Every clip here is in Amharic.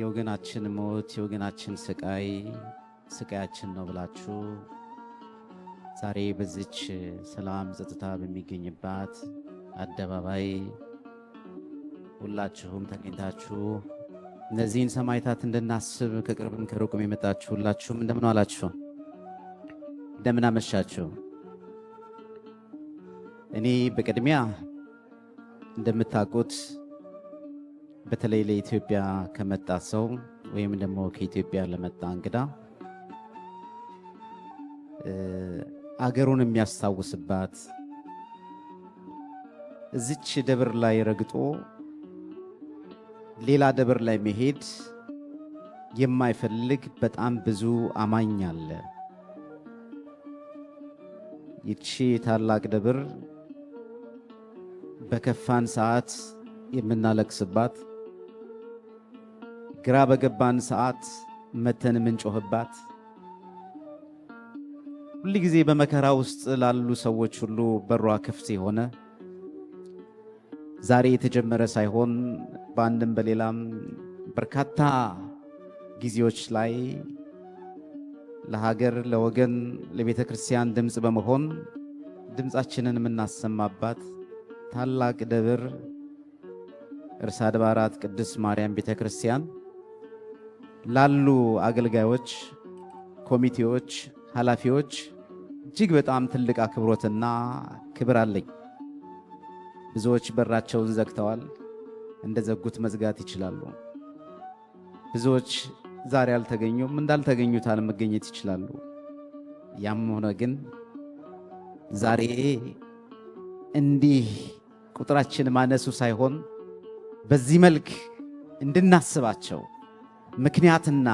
የወገናችን ሞት የወገናችን ስቃይ ስቃያችን ነው ብላችሁ ዛሬ በዚች ሰላም ጸጥታ በሚገኝባት አደባባይ ሁላችሁም ተገኝታችሁ እነዚህን ሰማይታት እንድናስብ ከቅርብም ከሩቅም የመጣችሁ ሁላችሁም እንደምን አላችሁ? እንደምን አመሻችሁ? እኔ በቅድሚያ እንደምታውቁት በተለይ ለኢትዮጵያ ከመጣ ሰው ወይም ደግሞ ከኢትዮጵያ ለመጣ እንግዳ አገሩን የሚያስታውስባት እዚች ደብር ላይ ረግጦ ሌላ ደብር ላይ መሄድ የማይፈልግ በጣም ብዙ አማኝ አለ። ይቺ ታላቅ ደብር በከፋን ሰዓት የምናለቅስባት ግራ በገባን ሰዓት መተን የምንጮህባት ሁል ጊዜ በመከራ ውስጥ ላሉ ሰዎች ሁሉ በሯ ክፍት የሆነ ዛሬ የተጀመረ ሳይሆን በአንድም በሌላም በርካታ ጊዜዎች ላይ ለሀገር፣ ለወገን፣ ለቤተ ክርስቲያን ድምፅ በመሆን ድምፃችንን የምናሰማባት ታላቅ ደብር እርሳ አድባራት ቅድስት ማርያም ቤተ ክርስቲያን ላሉ አገልጋዮች፣ ኮሚቴዎች፣ ኃላፊዎች እጅግ በጣም ትልቅ አክብሮትና ክብር አለኝ። ብዙዎች በራቸውን ዘግተዋል፣ እንደ ዘጉት መዝጋት ይችላሉ። ብዙዎች ዛሬ አልተገኙም፣ እንዳልተገኙት አለመገኘት ይችላሉ። ያም ሆነ ግን ዛሬ እንዲህ ቁጥራችን ማነሱ ሳይሆን በዚህ መልክ እንድናስባቸው ምክንያትና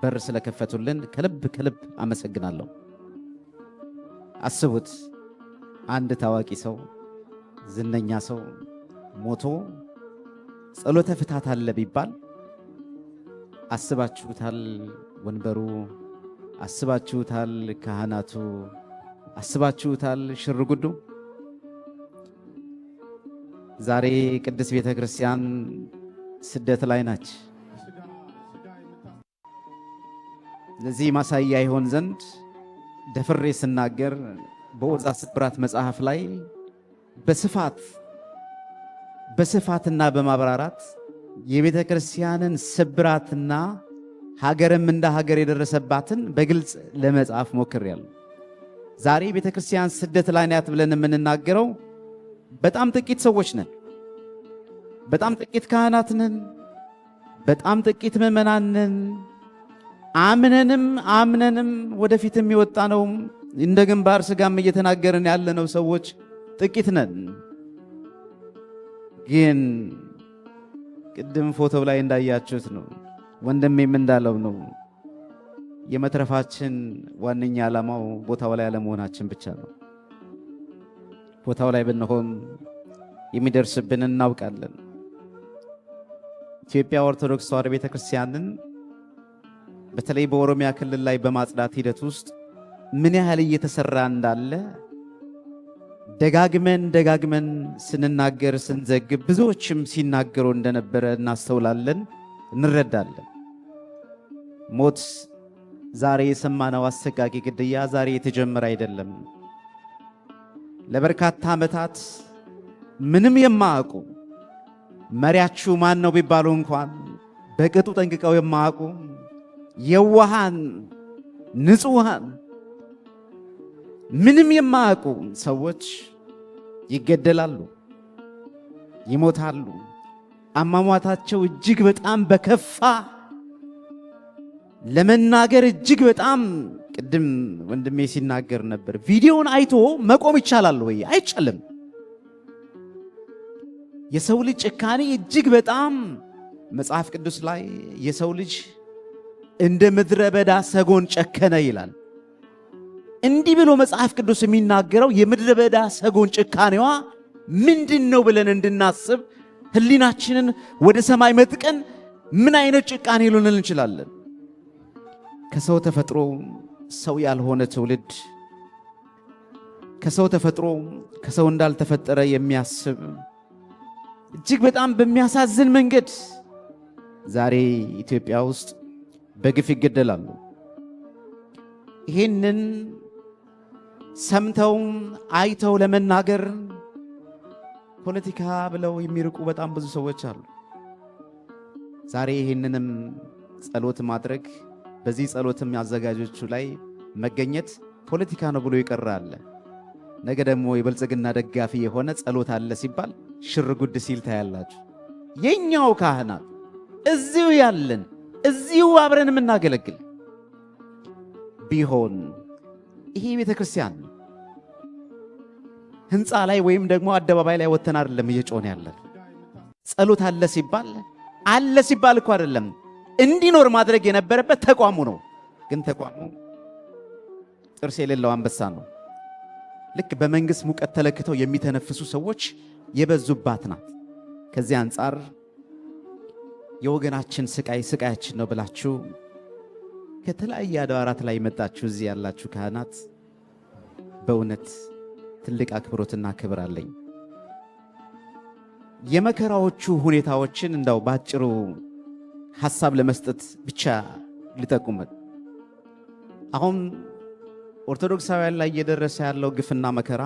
በር ስለከፈቱልን ከልብ ከልብ አመሰግናለሁ። አስቡት፣ አንድ ታዋቂ ሰው ዝነኛ ሰው ሞቶ ጸሎተ ፍታት አለ ቢባል አስባችሁታል? ወንበሩ አስባችሁታል? ካህናቱ አስባችሁታል? ሽርጉዱ ዛሬ ቅድስት ቤተ ክርስቲያን ስደት ላይ ናች። ለዚህ ማሳያ ይሆን ዘንድ ደፍሬ ስናገር በወዛ ስብራት መጽሐፍ ላይ በስፋት በስፋትና በማብራራት የቤተ ክርስቲያንን ስብራትና ሀገርም እንደ ሀገር የደረሰባትን በግልጽ ለመጻፍ ሞክሬያለሁ። ዛሬ ቤተ ክርስቲያን ስደት ላይ ናት ብለን የምንናገረው በጣም ጥቂት ሰዎች ነን። በጣም ጥቂት ካህናት ነን። በጣም ጥቂት ምእመናን ነን። አምነንም አምነንም ወደፊት የሚወጣ ነው። እንደ ግንባር ሥጋም እየተናገርን ያለነው ሰዎች ጥቂት ነን። ግን ቅድም ፎቶው ላይ እንዳያችሁት ነው፣ ወንድሜም እንዳለው ነው የመትረፋችን ዋነኛ ዓላማው ቦታው ላይ አለመሆናችን ብቻ ነው። ቦታው ላይ ብንሆን የሚደርስብን እናውቃለን። ኢትዮጵያ ኦርቶዶክስ ተዋሕዶ ቤተክርስቲያንን። በተለይ በኦሮሚያ ክልል ላይ በማጽዳት ሂደት ውስጥ ምን ያህል እየተሰራ እንዳለ ደጋግመን ደጋግመን ስንናገር ስንዘግብ ብዙዎችም ሲናገሩ እንደነበረ እናስተውላለን፣ እንረዳለን። ሞት ዛሬ የሰማነው አሰቃቂ ግድያ ዛሬ የተጀመረ አይደለም። ለበርካታ ዓመታት ምንም የማያውቁ መሪያችሁ ማን ነው ቢባሉ እንኳን በቅጡ ጠንቅቀው የማያውቁ የዋሃን ንጹሃን ምንም የማያውቁ ሰዎች ይገደላሉ፣ ይሞታሉ። አሟሟታቸው እጅግ በጣም በከፋ ለመናገር እጅግ በጣም ቅድም ወንድሜ ሲናገር ነበር። ቪዲዮውን አይቶ መቆም ይቻላል ወይ? አይቻልም። የሰው ልጅ ጭካኔ እጅግ በጣም መጽሐፍ ቅዱስ ላይ የሰው ልጅ እንደ ምድረ በዳ ሰጎን ጨከነ ይላል። እንዲህ ብሎ መጽሐፍ ቅዱስ የሚናገረው የምድረ በዳ ሰጎን ጭካኔዋ ምንድን ነው ብለን እንድናስብ ሕሊናችንን ወደ ሰማይ መጥቀን ምን አይነት ጭቃኔ ልንል እንችላለን? ከሰው ተፈጥሮ ሰው ያልሆነ ትውልድ፣ ከሰው ተፈጥሮ ከሰው እንዳልተፈጠረ የሚያስብ እጅግ በጣም በሚያሳዝን መንገድ ዛሬ ኢትዮጵያ ውስጥ በግፍ ይገደላሉ። ይህንን ሰምተው አይተው ለመናገር ፖለቲካ ብለው የሚርቁ በጣም ብዙ ሰዎች አሉ። ዛሬ ይህንንም ጸሎት ማድረግ በዚህ ጸሎትም አዘጋጆቹ ላይ መገኘት ፖለቲካ ነው ብሎ ይቀር አለ። ነገ ደግሞ የብልጽግና ደጋፊ የሆነ ጸሎት አለ ሲባል ሽር ጉድ ሲል ታያላችሁ። የኛው ካህናት እዚሁ ያለን እዚሁ አብረን የምናገለግል ቢሆን ይሄ ቤተ ክርስቲያን ህንፃ ላይ ወይም ደግሞ አደባባይ ላይ ወተን አይደለም እየጮን ያለን። ጸሎት አለ ሲባል አለ ሲባል እኮ አይደለም እንዲኖር ማድረግ የነበረበት ተቋሙ ነው። ግን ተቋሙ ጥርስ የሌለው አንበሳ ነው። ልክ በመንግስት ሙቀት ተለክተው የሚተነፍሱ ሰዎች የበዙባት ናት። ከዚህ አንጻር የወገናችን ስቃይ ስቃያችን ነው ብላችሁ ከተለያየ አድባራት ላይ መጣችሁ እዚህ ያላችሁ ካህናት በእውነት ትልቅ አክብሮትና ክብር አለኝ። የመከራዎቹ ሁኔታዎችን እንዳው ባጭሩ ሐሳብ ለመስጠት ብቻ ልጠቁመት። አሁን ኦርቶዶክሳውያን ላይ እየደረሰ ያለው ግፍና መከራ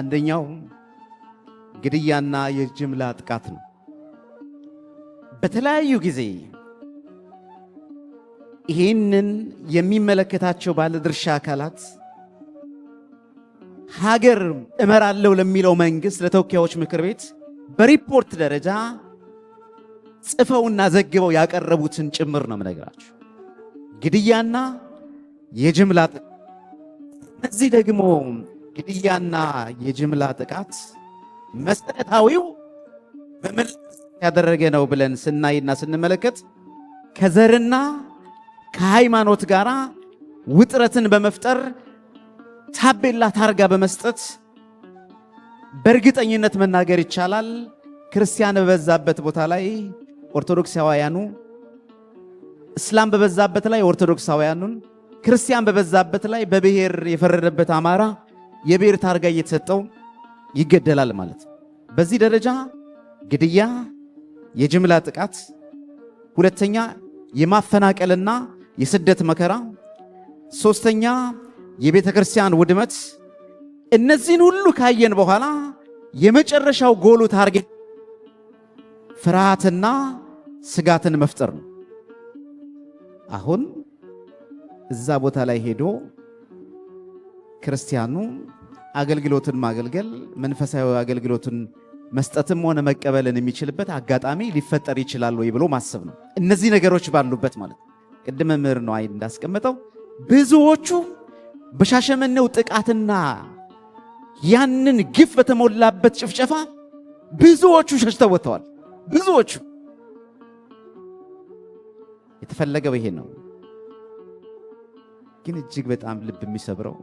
አንደኛው ግድያና የጅምላ ጥቃት ነው። በተለያዩ ጊዜ ይህንን የሚመለከታቸው ባለድርሻ አካላት ሀገር እመራለሁ ለሚለው መንግስት ለተወካዮች ምክር ቤት በሪፖርት ደረጃ ጽፈውና ዘግበው ያቀረቡትን ጭምር ነው የምነግራችሁ። ግድያና የጅምላ ጥቃት እዚህ ደግሞ ግድያና የጅምላ ጥቃት መሰረታዊው በመለስ ያደረገ ነው ብለን ስናይና ስንመለከት ከዘርና ከሃይማኖት ጋር ውጥረትን በመፍጠር ታቤላ ታርጋ በመስጠት በእርግጠኝነት መናገር ይቻላል ክርስቲያን በበዛበት ቦታ ላይ ኦርቶዶክሳውያኑ እስላም በበዛበት ላይ ኦርቶዶክሳውያኑን ክርስቲያን በበዛበት ላይ በብሔር የፈረደበት አማራ የብሔር ታርጋ እየተሰጠው ይገደላል ማለት ነው። በዚህ ደረጃ ግድያ የጅምላ ጥቃት፣ ሁለተኛ የማፈናቀልና የስደት መከራ፣ ሶስተኛ የቤተ ክርስቲያን ውድመት። እነዚህን ሁሉ ካየን በኋላ የመጨረሻው ጎሉ ታርጌት ፍርሃትና ስጋትን መፍጠር ነው። አሁን እዛ ቦታ ላይ ሄዶ ክርስቲያኑ አገልግሎትን ማገልገል መንፈሳዊ አገልግሎትን መስጠትም ሆነ መቀበልን የሚችልበት አጋጣሚ ሊፈጠር ይችላል ወይ ብሎ ማሰብ ነው። እነዚህ ነገሮች ባሉበት ማለት ቅድመ ምር ነው አይን እንዳስቀመጠው ብዙዎቹ በሻሸመኔው ጥቃትና ያንን ግፍ በተሞላበት ጭፍጨፋ ብዙዎቹ ሸሽተው ወጥተዋል። ብዙዎቹ የተፈለገው ይሄ ነው። ግን እጅግ በጣም ልብ የሚሰብረው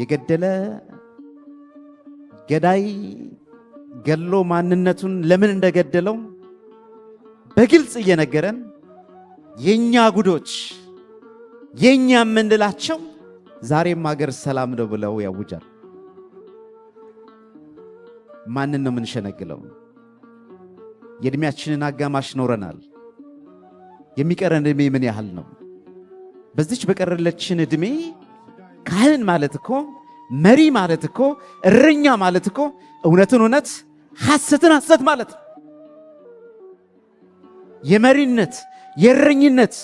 የገደለ ገዳይ ገሎ ማንነቱን ለምን እንደገደለው በግልጽ እየነገረን የኛ ጉዶች የኛ የምንላቸው ዛሬም ሀገር ሰላም ነው ብለው ያውጃል። ማንን ነው የምንሸነግለው? የእድሜያችንን አጋማሽ ኖረናል። የሚቀረን ዕድሜ ምን ያህል ነው? በዚች በቀረለችን ዕድሜ ካህን ማለት እኮ መሪ ማለት እኮ እረኛ ማለት እኮ እውነትን እውነት ሐሰትን ሐሰት ማለት ነው። የመሪነት የእረኝነት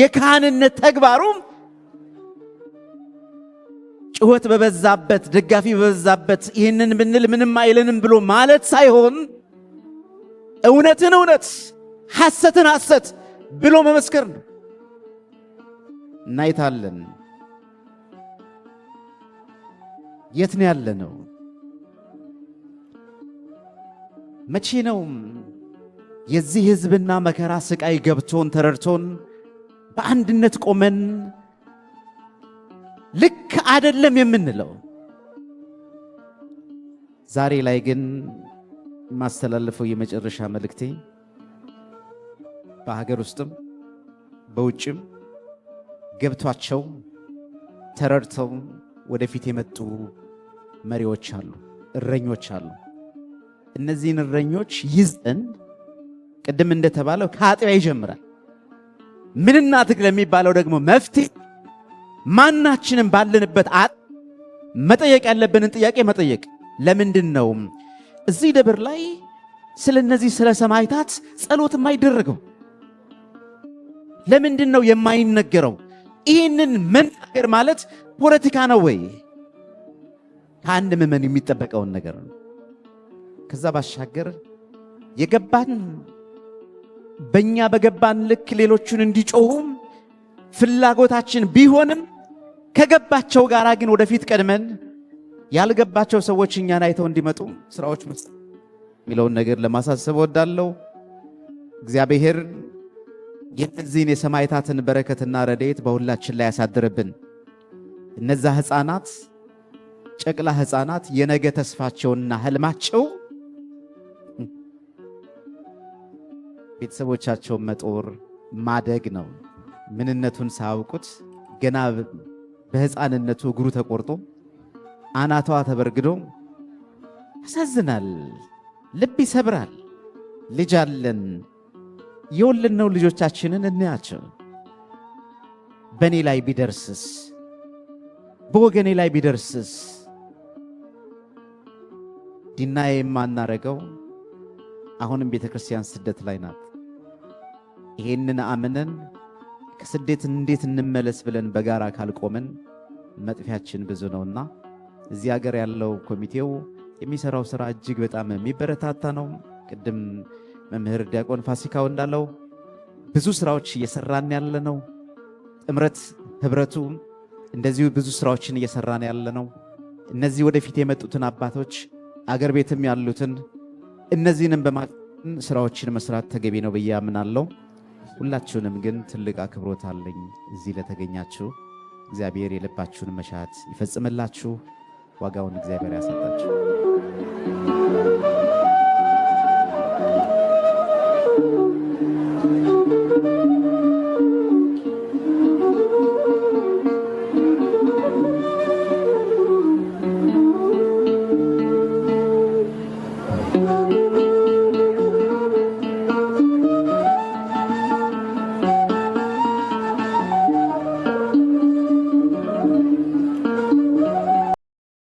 የካህንነት ተግባሩም ጩኸት በበዛበት ደጋፊ በበዛበት ይህንን ብንል ምንም አይለንም ብሎ ማለት ሳይሆን እውነትን እውነት ሐሰትን ሐሰት ብሎ መመስከር ነው። እናይታለን። የት ነው ያለ ነው? መቼ ነው የዚህ ህዝብና መከራ ስቃይ ገብቶን ተረድቶን በአንድነት ቆመን ልክ አደለም የምንለው? ዛሬ ላይ ግን የማስተላልፈው የመጨረሻ መልእክቴ በሀገር ውስጥም በውጭም ገብቷቸው ተረድተው ወደፊት የመጡ መሪዎች አሉ፣ እረኞች አሉ። እነዚህን እረኞች ይዘን ቅድም እንደተባለው ከአጥቢያ ይጀምራል። ምንና ትግል የሚባለው ደግሞ መፍትሄ ማናችንም ባለንበት አጥ መጠየቅ ያለብንን ጥያቄ መጠየቅ ለምንድን ነው እዚህ ደብር ላይ ስለ እነዚህ ስለ ሰማይታት ጸሎት የማይደረገው? ለምንድን ነው የማይነገረው? ይህንን መናገር ማለት ፖለቲካ ነው ወይ? ከአንድ ምዕመን የሚጠበቀውን ነገር ነው። ከዛ ባሻገር የገባን በእኛ በገባን ልክ ሌሎቹን እንዲጮሁም ፍላጎታችን ቢሆንም ከገባቸው ጋር ግን ወደፊት ቀድመን ያልገባቸው ሰዎች እኛን አይተው እንዲመጡ ስራዎች መስራት የሚለውን ነገር ለማሳሰብ እወዳለሁ። እግዚአብሔር የእነዚህን የሰማይታትን በረከትና ረድኤት በሁላችን ላይ ያሳድርብን። እነዛ ሕፃናት ጨቅላ ሕፃናት የነገ ተስፋቸውና ህልማቸው ቤተሰቦቻቸውን መጦር ማደግ ነው። ምንነቱን ሳያውቁት ገና በሕፃንነቱ እግሩ ተቆርጦ አናቷ ተበርግዶ ያሳዝናል። ልብ ይሰብራል። ልጅ አለን የወለድነው ልጆቻችንን እናያቸው። በእኔ ላይ ቢደርስስ፣ በወገኔ ላይ ቢደርስስ፣ ዲና የማናረገው አሁንም ቤተ ክርስቲያን ስደት ላይ ናት። ይሄንን አምነን ከስደት እንዴት እንመለስ ብለን በጋራ ካልቆምን መጥፊያችን ብዙ ነውና እዚህ ሀገር ያለው ኮሚቴው የሚሰራው ስራ እጅግ በጣም የሚበረታታ ነው። ቅድም መምህር ዲያቆን ፋሲካው እንዳለው ብዙ ስራዎች እየሰራን ያለ ነው። ጥምረት ህብረቱ እንደዚሁ ብዙ ስራዎችን እየሰራን ያለ ነው። እነዚህ ወደፊት የመጡትን አባቶች አገር ቤትም ያሉትን እነዚህንም በማ ስራዎችን መስራት ተገቢ ነው ብዬ አምናለሁ። ሁላችሁንም ግን ትልቅ አክብሮት አለኝ። እዚህ ለተገኛችሁ እግዚአብሔር የልባችሁን መሻት ይፈጽምላችሁ፣ ዋጋውን እግዚአብሔር ያሳጣችሁ።